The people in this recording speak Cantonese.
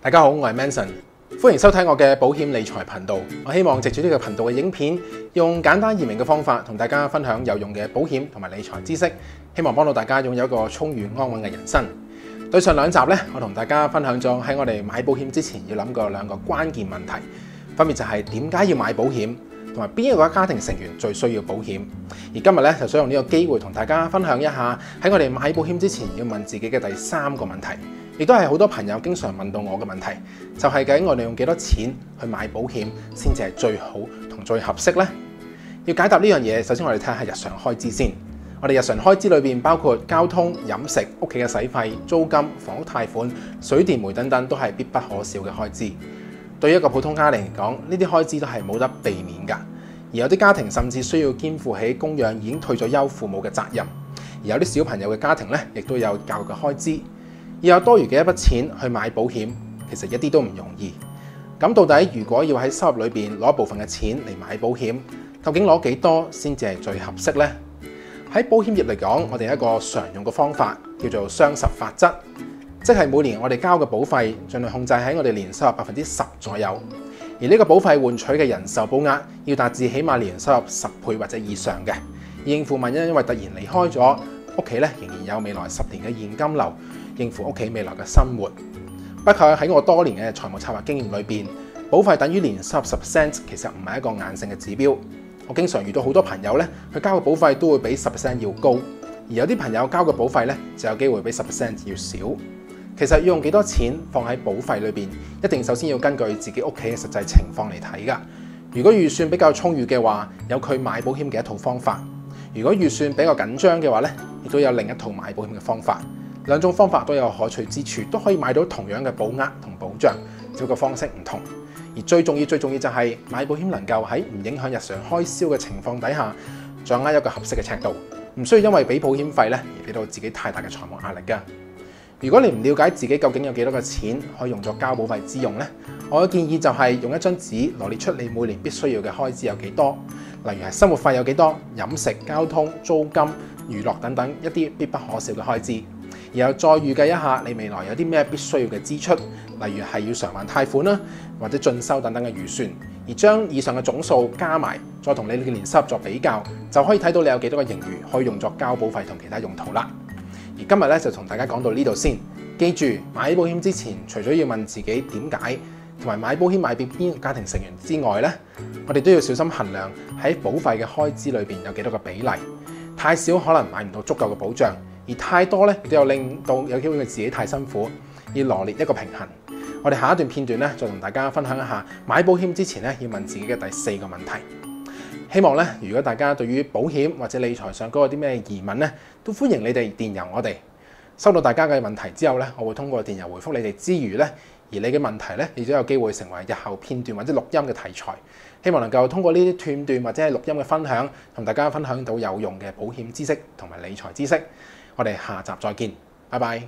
大家好，我係 Manson，歡迎收睇我嘅保險理財頻道。我希望藉住呢個頻道嘅影片，用簡單易明嘅方法，同大家分享有用嘅保險同埋理財知識，希望幫到大家擁有一個充裕安穩嘅人生。對上兩集呢，我同大家分享咗喺我哋買保險之前要諗過兩個關鍵問題，分別就係點解要買保險，同埋邊一個家庭成員最需要保險。而今日呢，就想用呢個機會同大家分享一下喺我哋買保險之前要問自己嘅第三個問題。亦都係好多朋友經常問到我嘅問題，就係究竟我哋用幾多錢去買保險先至係最好同最合適呢？要解答呢樣嘢，首先我哋睇下日常開支先。我哋日常開支裏面包括交通、飲食、屋企嘅使費、租金、房屋貸款、水電煤等等，都係必不可少嘅開支。對於一個普通家嚟講，呢啲開支都係冇得避免㗎。而有啲家庭甚至需要肩負起供養已經退咗休父母嘅責任，而有啲小朋友嘅家庭呢，亦都有教育嘅開支。要有多餘嘅一筆錢去買保險，其實一啲都唔容易。咁到底如果要喺收入裏面攞一部分嘅錢嚟買保險，究竟攞幾多先至係最合適呢？喺保險業嚟講，我哋有一個常用嘅方法叫做雙十法則，即係每年我哋交嘅保費盡量控制喺我哋年收入百分之十左右，而呢個保費換取嘅人壽保額要達至起碼年收入十倍或者以上嘅應付萬一，因為突然離開咗。屋企咧，仍然有未來十年嘅現金流，應付屋企未來嘅生活。不過喺我多年嘅財務策劃經驗裏邊，保費等於年收入十 percent 其實唔係一個硬性嘅指標。我經常遇到好多朋友咧，佢交嘅保費都會比十 percent 要高，而有啲朋友交嘅保費咧，就有機會比十 percent 要少。其實要用幾多錢放喺保費裏邊，一定首先要根據自己屋企嘅實際情況嚟睇㗎。如果預算比較充裕嘅話，有佢買保險嘅一套方法；如果預算比較緊張嘅話咧，都有另一套買保險嘅方法，兩種方法都有可取之處，都可以買到同樣嘅保額同保障，只個方式唔同。而最重要、最重要就係買保險能夠喺唔影響日常開銷嘅情況底下，掌握一個合適嘅尺度，唔需要因為俾保險費咧而俾到自己太大嘅財務壓力噶。如果你唔了解自己究竟有幾多嘅錢可以用作交保費之用呢，我嘅建議就係用一張紙羅列出你每年必須要嘅開支有幾多。例如係生活費有幾多，飲食、交通、租金、娛樂等等一啲必不可少嘅開支，然後再預計一下你未來有啲咩必須要嘅支出，例如係要償還貸款啦，或者進修等等嘅預算，而將以上嘅總數加埋，再同你嘅年收入作比較，就可以睇到你有幾多個盈餘可以用作交保費同其他用途啦。而今日咧就同大家講到呢度先，記住買保險之前，除咗要問自己點解，同埋買保險買俾邊個家庭成員之外咧，我哋都要小心衡量喺保費嘅開支裏邊有幾多個比例，太少可能買唔到足夠嘅保障，而太多咧都有令到有機會自己太辛苦，要羅列一個平衡。我哋下一段片段咧，再同大家分享一下買保險之前咧要問自己嘅第四個問題。希望咧，如果大家對於保險或者理財上嗰個有啲咩疑問咧，都歡迎你哋電郵我哋。收到大家嘅問題之後咧，我會通過電郵回覆你哋之餘咧，而你嘅問題咧亦都有機會成為日後片段或者錄音嘅題材。希望能夠通過呢啲片段或者係錄音嘅分享，同大家分享到有用嘅保險知識同埋理財知識。我哋下集再見，拜拜。